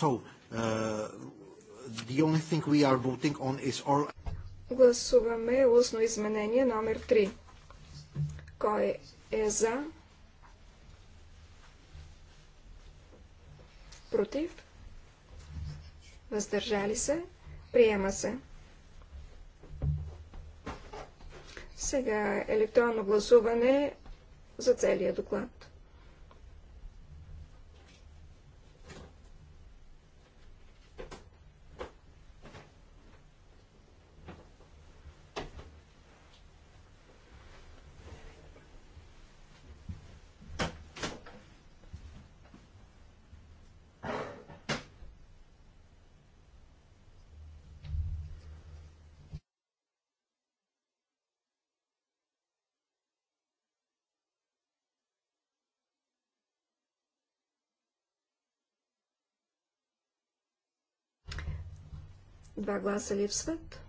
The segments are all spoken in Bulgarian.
Uh, Гласуваме устно изменение номер 3. Кой е за? Против? Въздържали се? Приема се. Сега електронно гласуване за целия доклад. Два гласа липсват.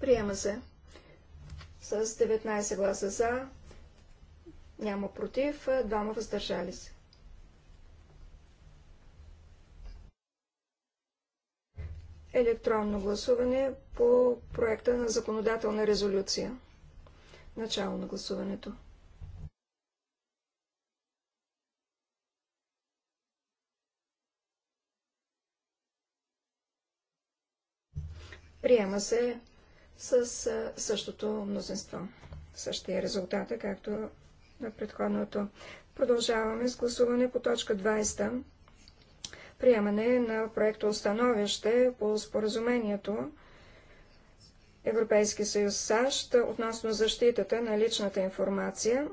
Приема се с 19 гласа за, няма против, двама въздържали се. електронно гласуване по проекта на законодателна резолюция. Начало на гласуването. Приема се с същото мнозинство. Същия резултата, както на предходното. Продължаваме с гласуване по точка 20 приемане на проекто установище по споразумението Европейски съюз САЩ относно защитата на личната информация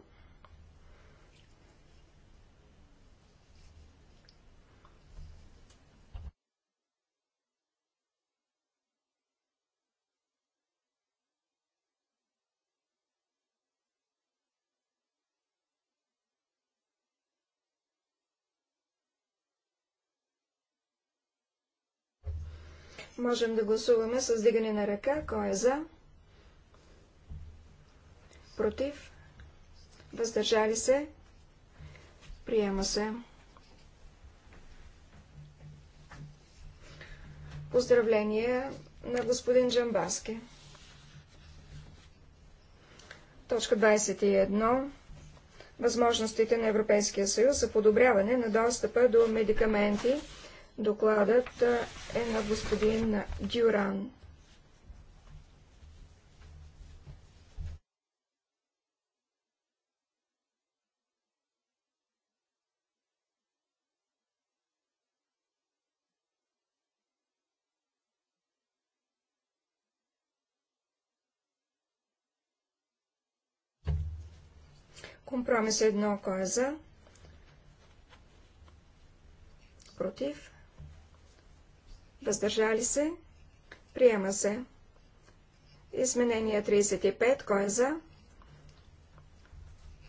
Можем да гласуваме с дигане на ръка. Кой е за? Против? Въздържали се? Приема се. Поздравление на господин Джамбаски. Точка 21. Възможностите на Европейския съюз за подобряване на достъпа до медикаменти Докладът е на господин Дюран. Компромис едно, каза е Против? Въздържали се? Приема се. Изменение 35. Кой е за?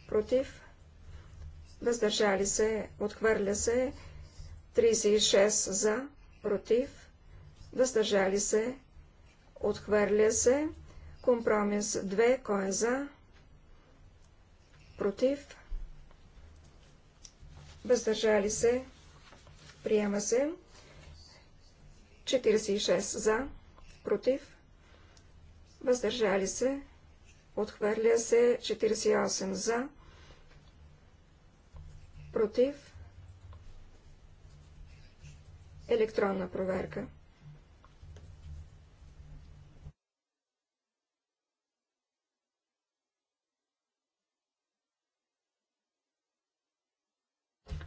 Против? Въздържали се? Отхвърля се. 36 за? Против? Въздържали се? Отхвърля се. Компромис 2. Кой е за? Против? Въздържали се? Приема се. 46 за, против, въздържали се, отхвърля се 48 за, против, електронна проверка.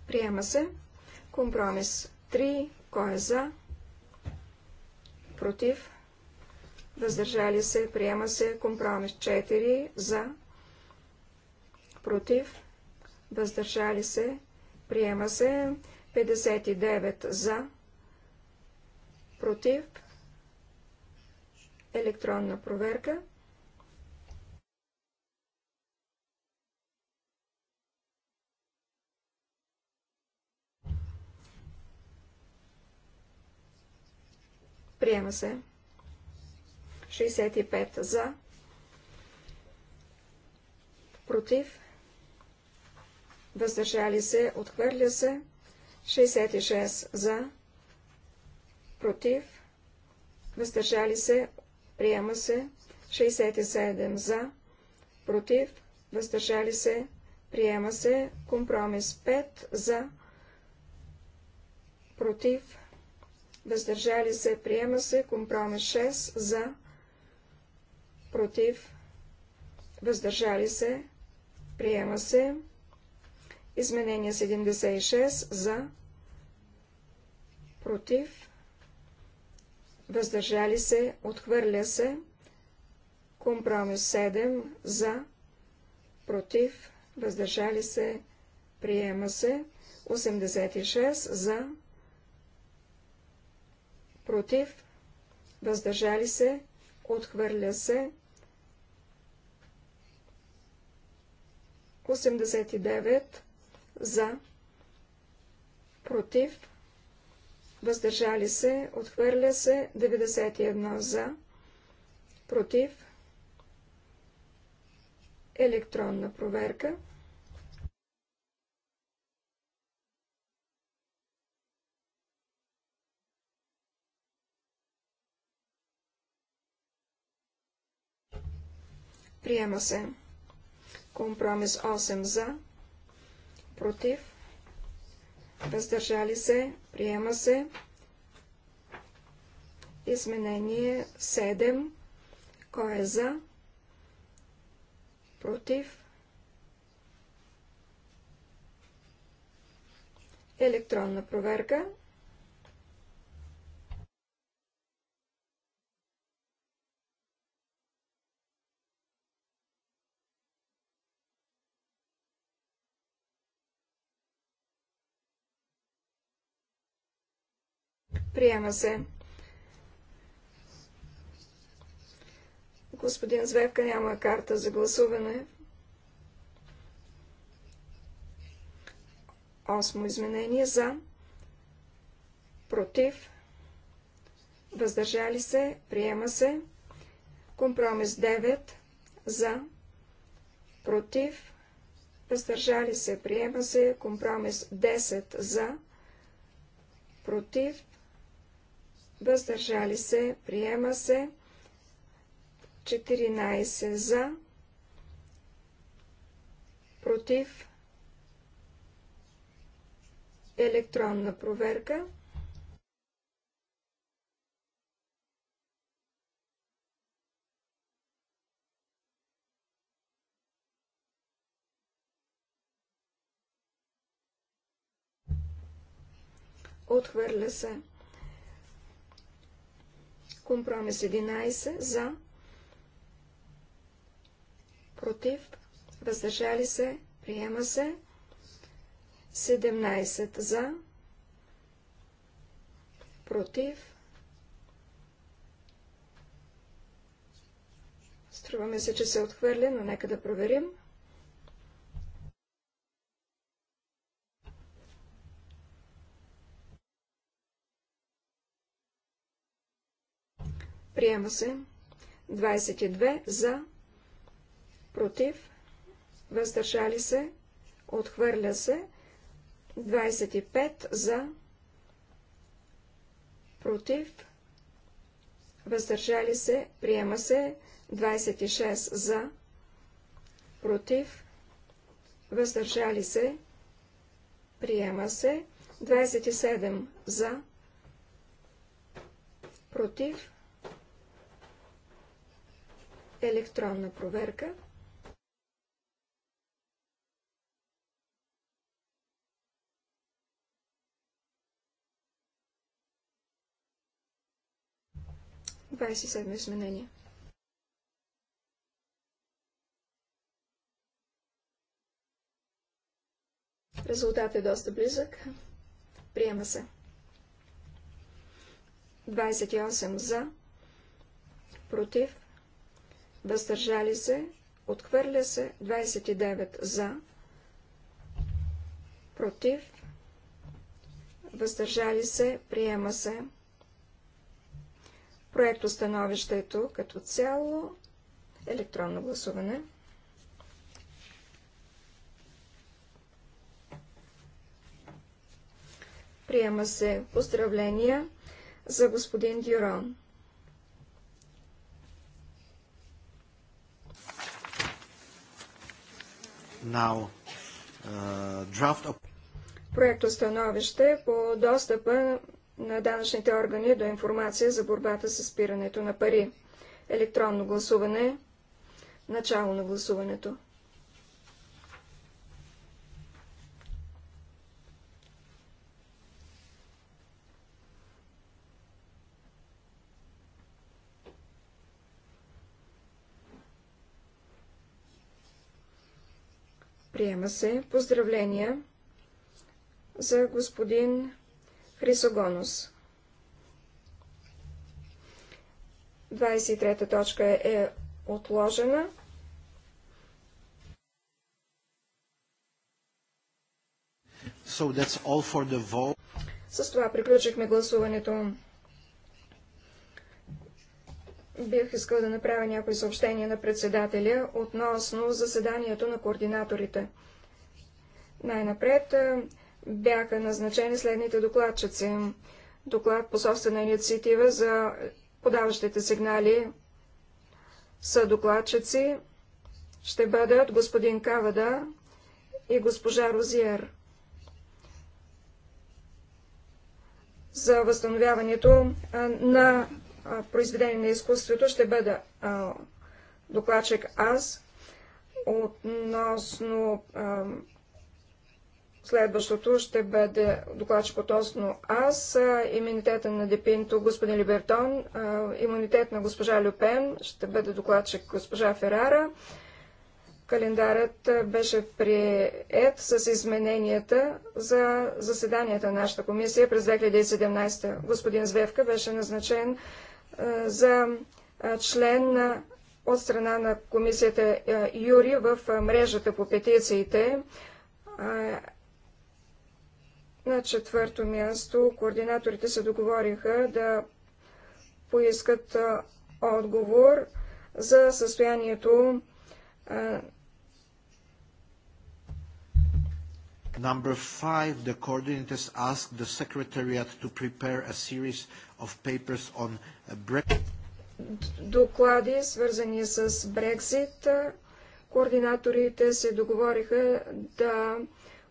Приема се. Компромис 3. Кой е за? против, въздържали се, приема се компромис 4 за, против, въздържали се, приема се 59 за, против, електронна проверка. Приема се. 65 за. Против. Въздържали се. Отхвърля се. 66 за. Против. Въздържали се. Приема се. 67 за. Против. Въздържали се. Приема се. Компромис 5 за. Против въздържали се, приема се, компромис 6 за, против, въздържали се, приема се, изменение 76 за, против, въздържали се, отхвърля се, компромис 7 за, против, въздържали се, приема се, 86 за, против, въздържали се, отхвърля се. 89 за, против, въздържали се, отхвърля се, 91 за, против, електронна проверка. Приема се. Компромис 8 за. Против. Въздържали се. Приема се. Изменение 7. Кой е за? Против. Електронна проверка. Приема се. Господин Звевка няма карта за гласуване. Осмо изменение за. Против. Въздържали се. Приема се. Компромис 9 за. Против. Въздържали се. Приема се. Компромис 10 за. Против въздържали се, приема се, 14 за, против, електронна проверка. Отхвърля се. Компромис 11 за, против, въздържали се, приема се. 17 за, против. Струваме се, че се е отхвърля, но нека да проверим. 17. Приема се. 22 за. Против. Въздържали се. Отхвърля се. 25 за. Против. Въздържали се. Приема се. 26 за. Против. Въздържали се. Приема се. 27 за. Против електронна проверка. Двадесет седми изменения. Резултат е доста близък. Приема се. 28 за, против, въздържали се, отхвърля се 29 за, против, въздържали се, приема се. Проекто установището като цяло електронно гласуване. Приема се поздравления за господин Дюрон. now uh, draft of... Проекто становище по достъпа на данъчните органи до информация за борбата с спирането на пари. Електронно гласуване. Начало на гласуването. Приема се. Поздравления за господин Хрисогонос. 23-та точка е отложена. So that's all for the vote. С това приключихме гласуването бих искал да направя някои съобщения на председателя относно заседанието на координаторите. Най-напред е, бяха назначени следните докладчици. Доклад по собствена инициатива за подаващите сигнали са докладчици. Ще бъдат господин Кавада и госпожа Розиер. За възстановяването е, на произведение на изкуството ще бъда докладчик аз относно следващото ще бъде докладчик относно аз, имунитета на Депинто господин Либертон, имунитет на госпожа Люпен, ще бъде докладчик госпожа Ферара. Календарът беше прият с измененията за заседанията на нашата комисия през 2017. Господин Звевка беше назначен за член от страна на комисията Юри в мрежата по петициите. На четвърто място координаторите се договориха да поискат отговор за състоянието Number five, the coordinators asked the Secretariat to prepare a series of papers on доклади, свързани с Брексит. Координаторите се договориха да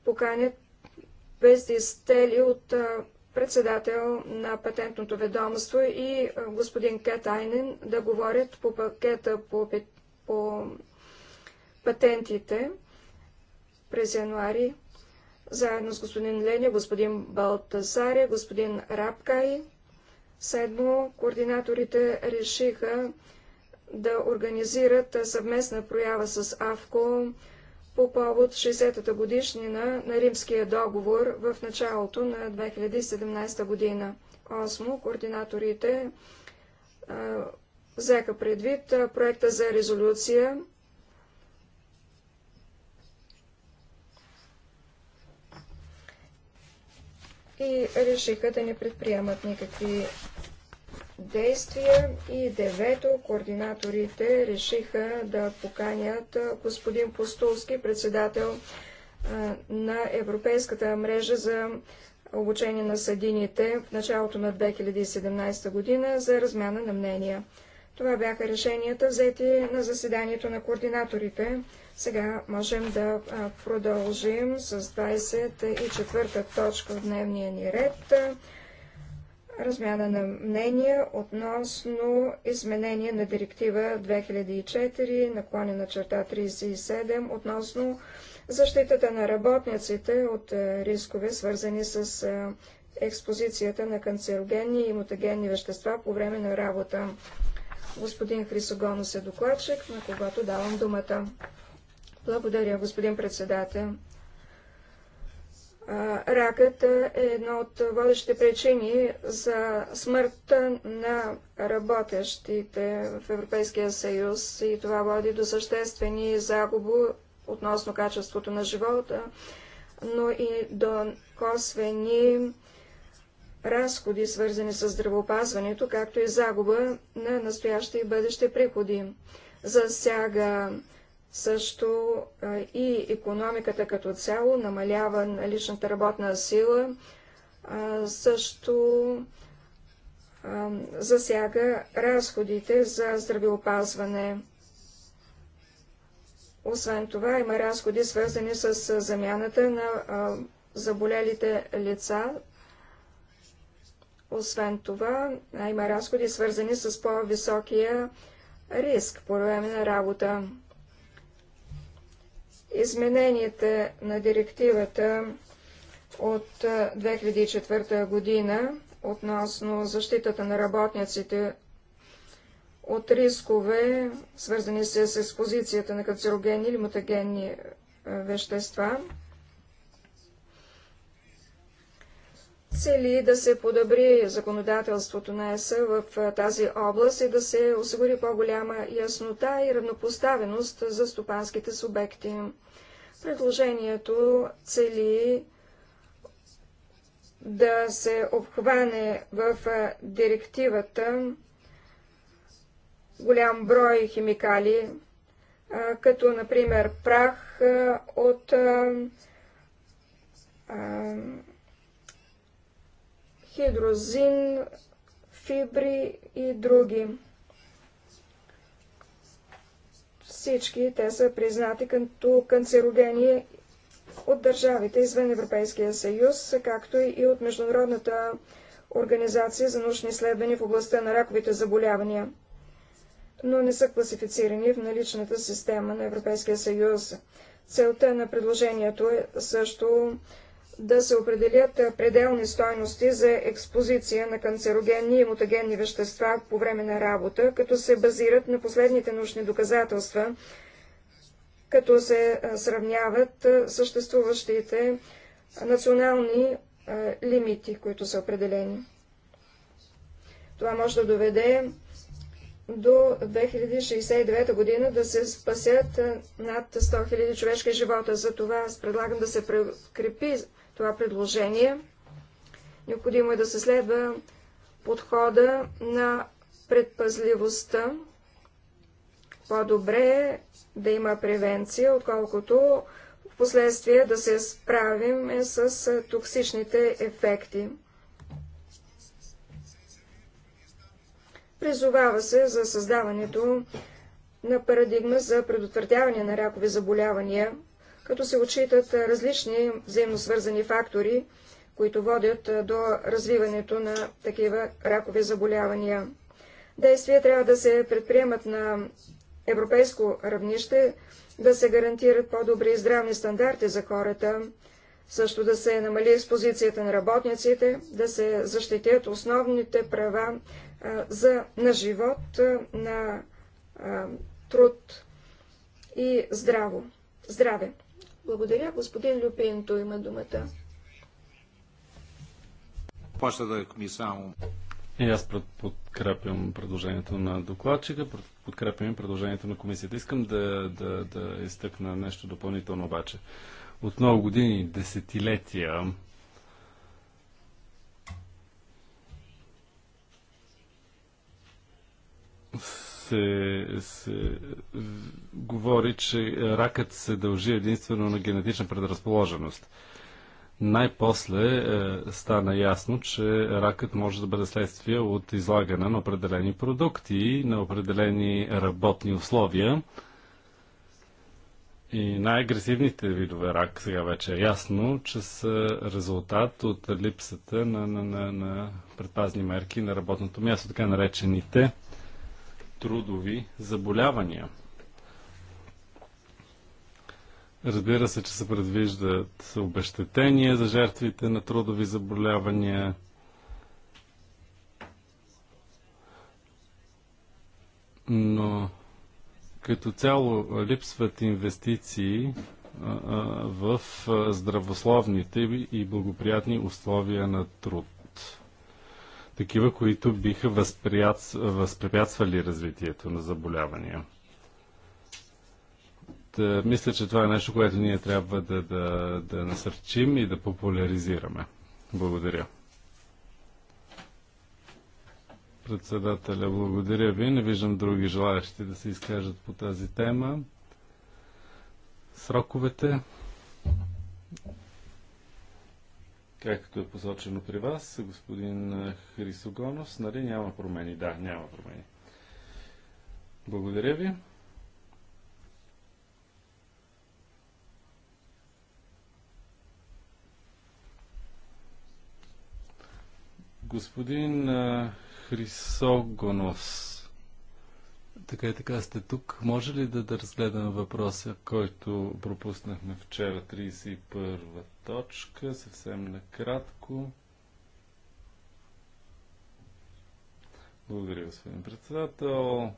поканят бездистели от председател на патентното ведомство и господин Кетайнен да говорят по пакета по, по патентите през януари, заедно с господин Леня, господин Балтазаря, господин Рапкай, Седмо, координаторите решиха да организират съвместна проява с АВКО по повод 60-та годишнина на Римския договор в началото на 2017 година. Осмо, координаторите а, взеха предвид проекта за резолюция и решиха да не предприемат никакви действия. И девето, координаторите решиха да поканят господин Постулски, председател на Европейската мрежа за обучение на съдините в началото на 2017 година за размяна на мнения. Това бяха решенията, взети на заседанието на координаторите. Сега можем да продължим с 24-та точка в дневния ни ред. Размяна на мнения относно изменение на директива 2004 на черта 37 относно защитата на работниците от рискове, свързани с експозицията на канцерогенни и мутагенни вещества по време на работа. Господин Хрисогонос е докладчик, на когато давам думата. Благодаря, господин председател. Ракът е една от водещите причини за смъртта на работещите в Европейския съюз и това води до съществени загуби относно качеството на живота, но и до косвени разходи, свързани с здравеопазването, както и загуба на настоящи и бъдещи приходи. Засяга също и економиката като цяло намалява на личната работна сила, също засяга разходите за здравеопазване. Освен това има разходи, свързани с замяната на заболелите лица. Освен това има разходи, свързани с по-високия риск по време на работа. Измененията на директивата от 2004 година относно защитата на работниците от рискове, свързани с експозицията на канцерогенни или мутагенни вещества, цели да се подобри законодателството на ЕС в тази област и да се осигури по-голяма яснота и равнопоставеност за стопанските субекти. Предложението цели да се обхване в директивата голям брой химикали, като например прах от хидрозин, фибри и други. Всички те са признати като канцерогени от държавите извън Европейския съюз, както и от Международната организация за научни изследвания в областта на раковите заболявания, но не са класифицирани в наличната система на Европейския съюз. Целта на предложението е също да се определят пределни стойности за експозиция на канцерогенни и мутагенни вещества по време на работа, като се базират на последните научни доказателства, като се сравняват съществуващите национални лимити, които са определени. Това може да доведе до 2069 година да се спасят над 100 000 човешки живота. За това аз предлагам да се прекрепи това предложение. Необходимо е да се следва подхода на предпазливостта. По-добре е да има превенция, отколкото в последствие да се справим с токсичните ефекти. Призовава се за създаването на парадигма за предотвратяване на ракови заболявания като се отчитат различни взаимосвързани фактори, които водят до развиването на такива ракови заболявания. Действия трябва да се предприемат на европейско равнище, да се гарантират по-добри здравни стандарти за хората, също да се намали експозицията на работниците, да се защитят основните права а, за, на живот, на а, труд и здраво, здраве. Благодаря. Господин Люпин, той има думата. Е и аз подкрепям предложението на докладчика, подкрепям предложението на комисията. Искам да, да, да изтъкна нещо допълнително обаче. От много години, десетилетия, се, се говори, че ракът се дължи единствено на генетична предразположеност. Най-после е, стана ясно, че ракът може да бъде следствие от излагане на определени продукти, на определени работни условия. И най-агресивните видове рак, сега вече е ясно, че са резултат от липсата на, на, на, на предпазни мерки на работното място, така наречените трудови заболявания. Разбира се, че се предвиждат обещетения за жертвите на трудови заболявания. Но като цяло липсват инвестиции в здравословните и благоприятни условия на труд такива, които биха възпрепятствали развитието на заболявания. Та, мисля, че това е нещо, което ние трябва да, да, да насърчим и да популяризираме. Благодаря. Председателя, благодаря ви. Не виждам други желаящи да се изкажат по тази тема. Сроковете както е посочено при вас, господин Хрисогонос, нали няма промени? Да, няма промени. Благодаря ви. Господин Хрисогонос, така и така сте тук. Може ли да, да разгледаме въпроса, който пропуснахме вчера, 31 точка, съвсем накратко? Благодаря, господин председател.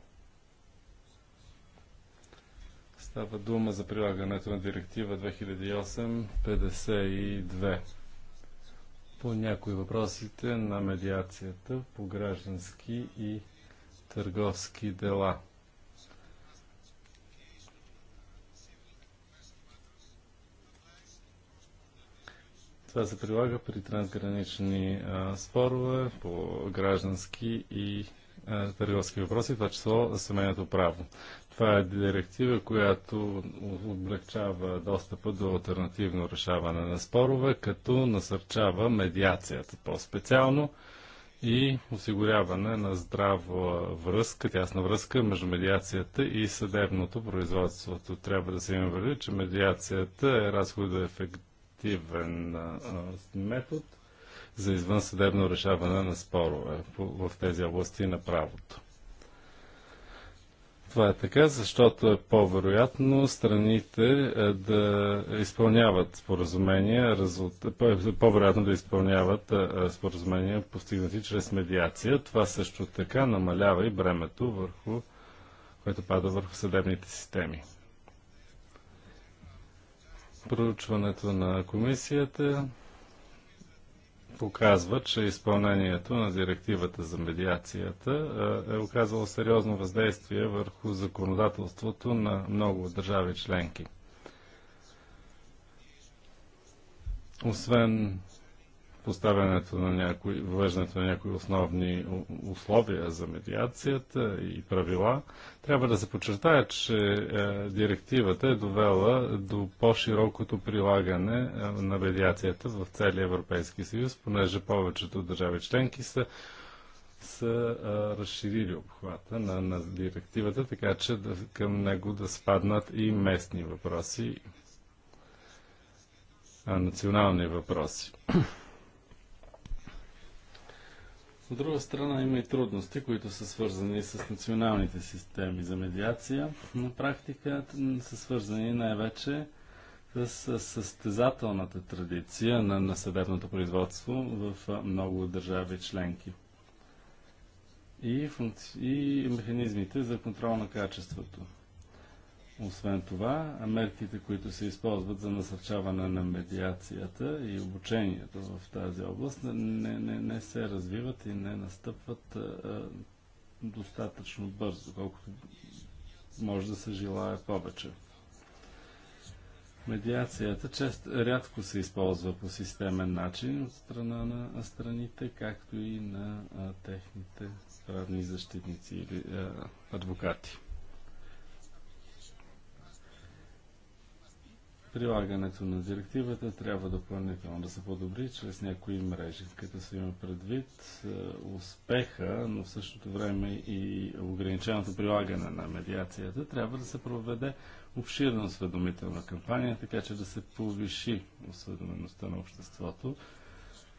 Става дума за прилагането на директива 2008-52 по някои въпросите на медиацията по граждански и търговски дела. Това се прилага при трансгранични а, спорове по граждански и а, търговски въпроси, това число семейното право. Това е директива, която облегчава достъпа до альтернативно решаване на спорове, като насърчава медиацията по-специално и осигуряване на здрава връзка, тясна връзка между медиацията и съдебното производството. Трябва да се има вреди, че медиацията е разходоефективен метод за извънсъдебно решаване на спорове в тези области на правото. Това е така, защото е по-вероятно страните е, да изпълняват споразумения, по-вероятно да изпълняват е, е, споразумения, постигнати чрез медиация. Това също така намалява и бремето, върху, което пада върху съдебните системи. Проучването на комисията показва, че изпълнението на директивата за медиацията е, е оказало сериозно въздействие върху законодателството на много държави членки. Освен поставянето на някои, въвеждането на някои основни условия за медиацията и правила, трябва да се подчертая, че е, директивата е довела до по-широкото прилагане е, на медиацията в целия Европейски съюз, понеже повечето държави членки са са а, е, разширили обхвата на, на директивата, така че да, към него да спаднат и местни въпроси, а, национални въпроси. От друга страна има и трудности, които са свързани с националните системи за медиация. На практика са свързани най-вече с състезателната традиция на, на съдебното производство в много държави членки и, функци... и механизмите за контрол на качеството. Освен това, мерките, които се използват за насърчаване на медиацията и обучението в тази област, не, не, не се развиват и не настъпват а, достатъчно бързо, колкото може да се желая повече. Медиацията чест, рядко се използва по системен начин от страна на страните, както и на а, техните правни защитници или а, адвокати. Прилагането на директивата трябва допълнително да се подобри чрез някои мрежи, като се има предвид е, успеха, но в същото време и ограниченото прилагане на медиацията, трябва да се проведе обширна осведомителна кампания, така че да се повиши осведомеността на обществото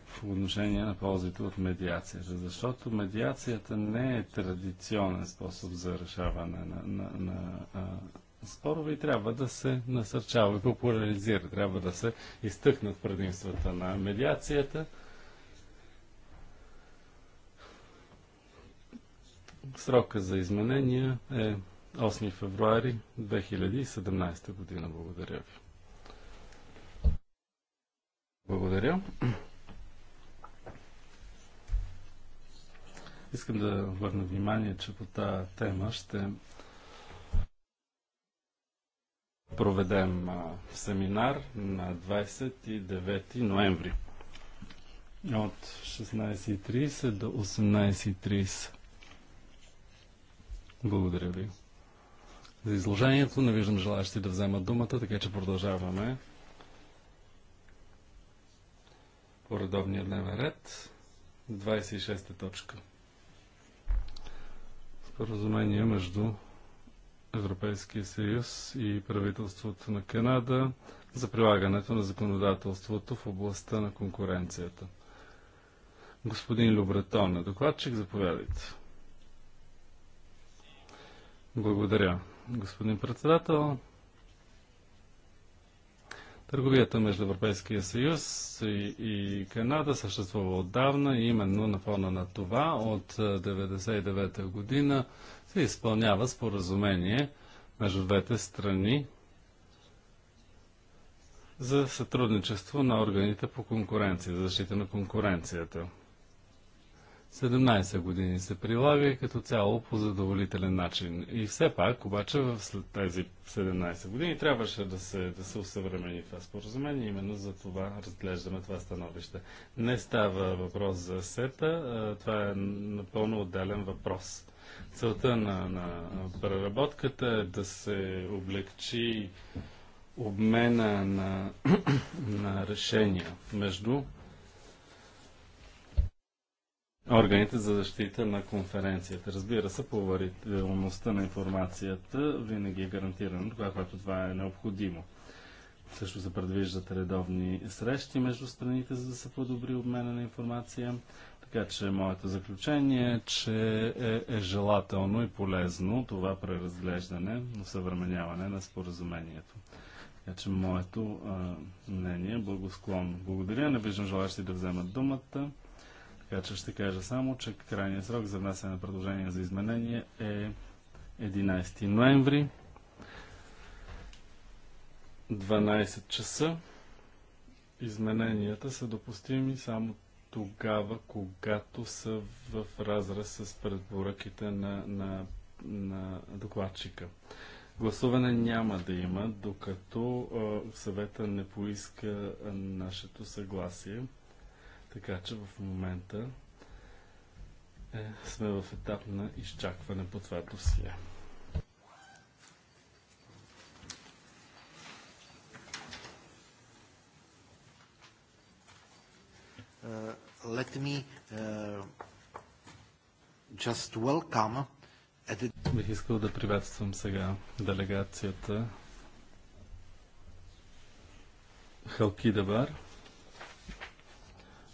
в отношение на ползите от медиацията. Защото медиацията не е традиционен способ за решаване на, на, на, на спорове и трябва да се насърчава и популяризира. Трябва да се изтъкнат предимствата на медиацията. Срока за изменения е 8 февруари 2017 година. Благодаря ви. Благодаря. Искам да върна внимание, че по тази тема ще проведем семинар на 29 ноември от 16.30 до 18.30. Благодаря ви. За изложението не виждам желаящи да вземат думата, така че продължаваме по редовния дневен ред. 26 точка. Споразумение между Европейския съюз и правителството на Канада за прилагането на законодателството в областта на конкуренцията. Господин Любретон докладчик, заповядайте. Благодаря. Господин председател, Търговията между Европейския съюз и, и Канада съществува отдавна и именно на фона на това от 1999 година се изпълнява споразумение между двете страни за сътрудничество на органите по конкуренция, за защита на конкуренцията. 17 години се прилага и като цяло по задоволителен начин. И все пак, обаче, в след тези 17 години трябваше да се, да се усъвремени това споразумение. Именно за това разглеждаме това становище. Не става въпрос за сета, това е напълно отделен въпрос. Целта на, на преработката е да се облегчи обмена на, на решения между органите за защита на конференцията. Разбира се, поверителността на информацията винаги е гарантирана това, когато това е необходимо. Също се предвиждат редовни срещи между страните, за да се подобри обмена на информация. Така че моето заключение е, че е, е желателно и полезно това преразглеждане, съвременяване на споразумението. Така че моето а, мнение е благосклонно. Благодаря. Не виждам желащи да вземат думата. Така че ще кажа само, че крайният срок за внасяне на предложения за изменение е 11 ноември, 12 часа. Измененията са допустими само тогава, когато са в разрез с предпоръките на, на, на докладчика. Гласуване няма да има, докато съвета не поиска нашето съгласие. Така че в момента е, сме в етап на изчакване по това досие. Uh, let me uh, just welcome the... Бих искал да приветствам сега делегацията Халкидабар. Бар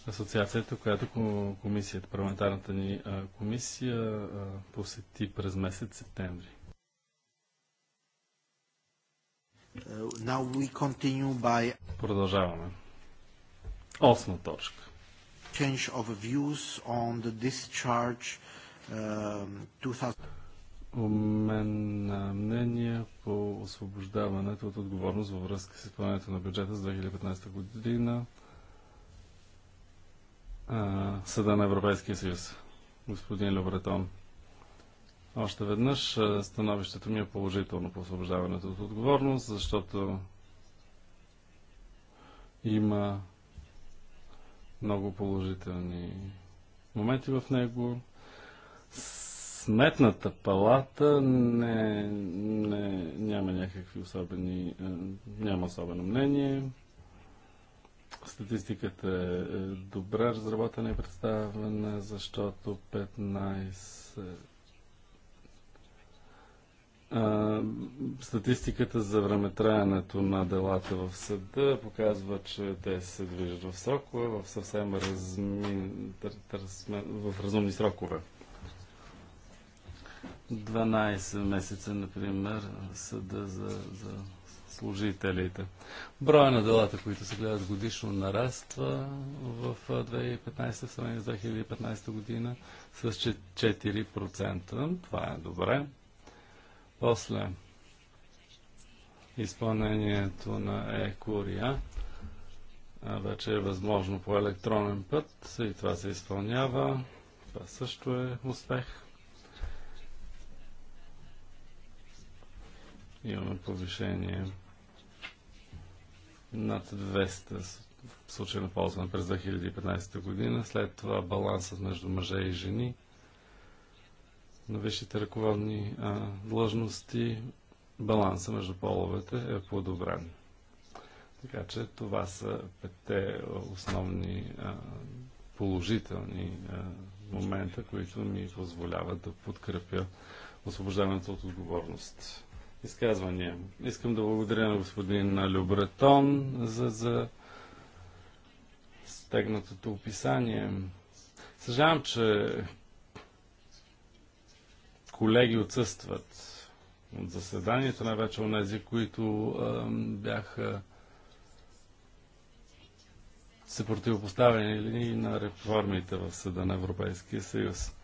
асоциацията, която комисията, парламентарната ни комисия посети през месец септември. By... Продължаваме. Осма точка. Change of views on the discharge uh, 2000... Обмен на мнение по освобождаването от отговорност във връзка с изпълнението на бюджета за 2015 година. Съда на Европейския съюз, господин Любретон. Още веднъж становището ми е положително по освобождаването от отговорност, защото има много положителни моменти в него. Сметната палата не, не, няма някакви особени, няма особено мнение. Статистиката е, е добра разработена и представена, защото 15 е, статистиката за времетраянето на делата в съда показва, че те се движат в срокове, в съвсем разми... в разумни срокове. 12 месеца, например, съда за, за служителите. Броя на делата, които се гледат годишно, нараства в 2015 в сравнение с 2015 година с 4%. Това е добре. После изпълнението на Екория вече е възможно по електронен път и това се изпълнява. Това също е успех. Имаме повишение над 200 случаи на ползване през 2015 година. След това балансът между мъже и жени на висшите ръководни а, длъжности, баланса между половете е подобран. Така че това са петте основни а, положителни а, момента, които ми позволяват да подкрепя освобождаването от отговорност изказвания. Искам да благодаря на господин Любретон за, за стегнатото описание. Съжалявам, че колеги отсъстват от заседанието, най-вече от тези, които а, бяха се противопоставени на реформите в Съда на Европейския съюз.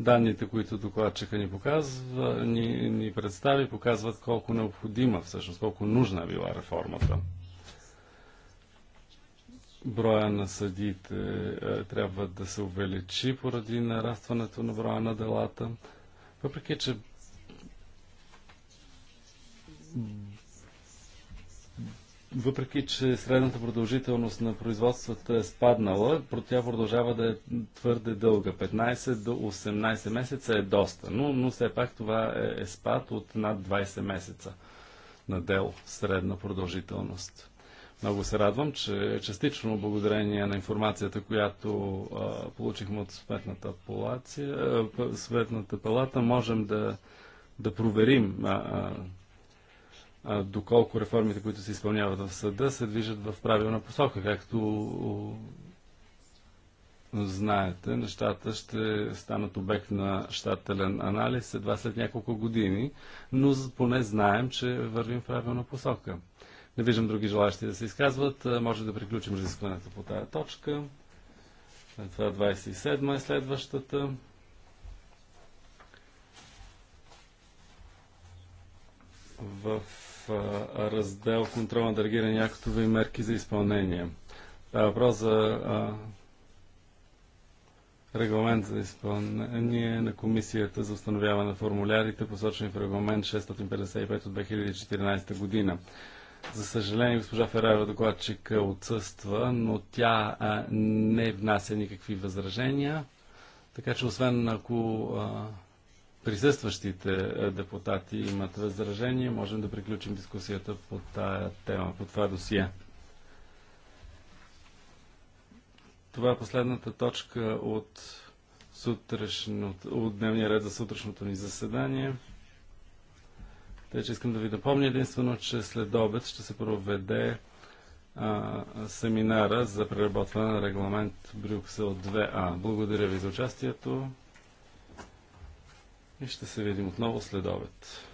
Данните, които докладчика ни, показва, ни, ни представи, показват колко необходима, всъщност колко нужна е била реформата. Броя на съдите е, трябва да се увеличи поради нарастването на броя на делата, въпреки че въпреки че средната продължителност на производствата е спаднала, тя продължава да е твърде дълга. 15 до 18 месеца е доста, но, но все пак това е, е спад от над 20 месеца на дело средна продължителност. Много се радвам, че частично благодарение на информацията, която а, получихме от Светната, палация, а, светната палата, можем да, да проверим а, а, доколко реформите, които се изпълняват в съда, се движат в правилна посока. Както знаете, нещата ще станат обект на щателен анализ едва след няколко години, но поне знаем, че вървим в правилна посока. Не виждам други желащи да се изказват. Може да приключим разискването по тази точка. Това 27 е следващата. В раздел контрол на делегирани актове и мерки за изпълнение. Това е въпрос за регламент за изпълнение на Комисията за установяване на формулярите, посочени в регламент 655 от 2014 година. За съжаление, госпожа Ферара докладчик отсъства, но тя не внася никакви възражения. Така че, освен ако а, присъстващите е, депутати имат възражение, можем да приключим дискусията по тая тема, по това досие. Това е последната точка от, от дневния ред за сутрешното ни заседание. Тъй, че искам да ви напомня единствено, че след обед ще се проведе а, семинара за преработване на регламент Брюксел 2А. Благодаря ви за участието. И ще се видим отново след обед.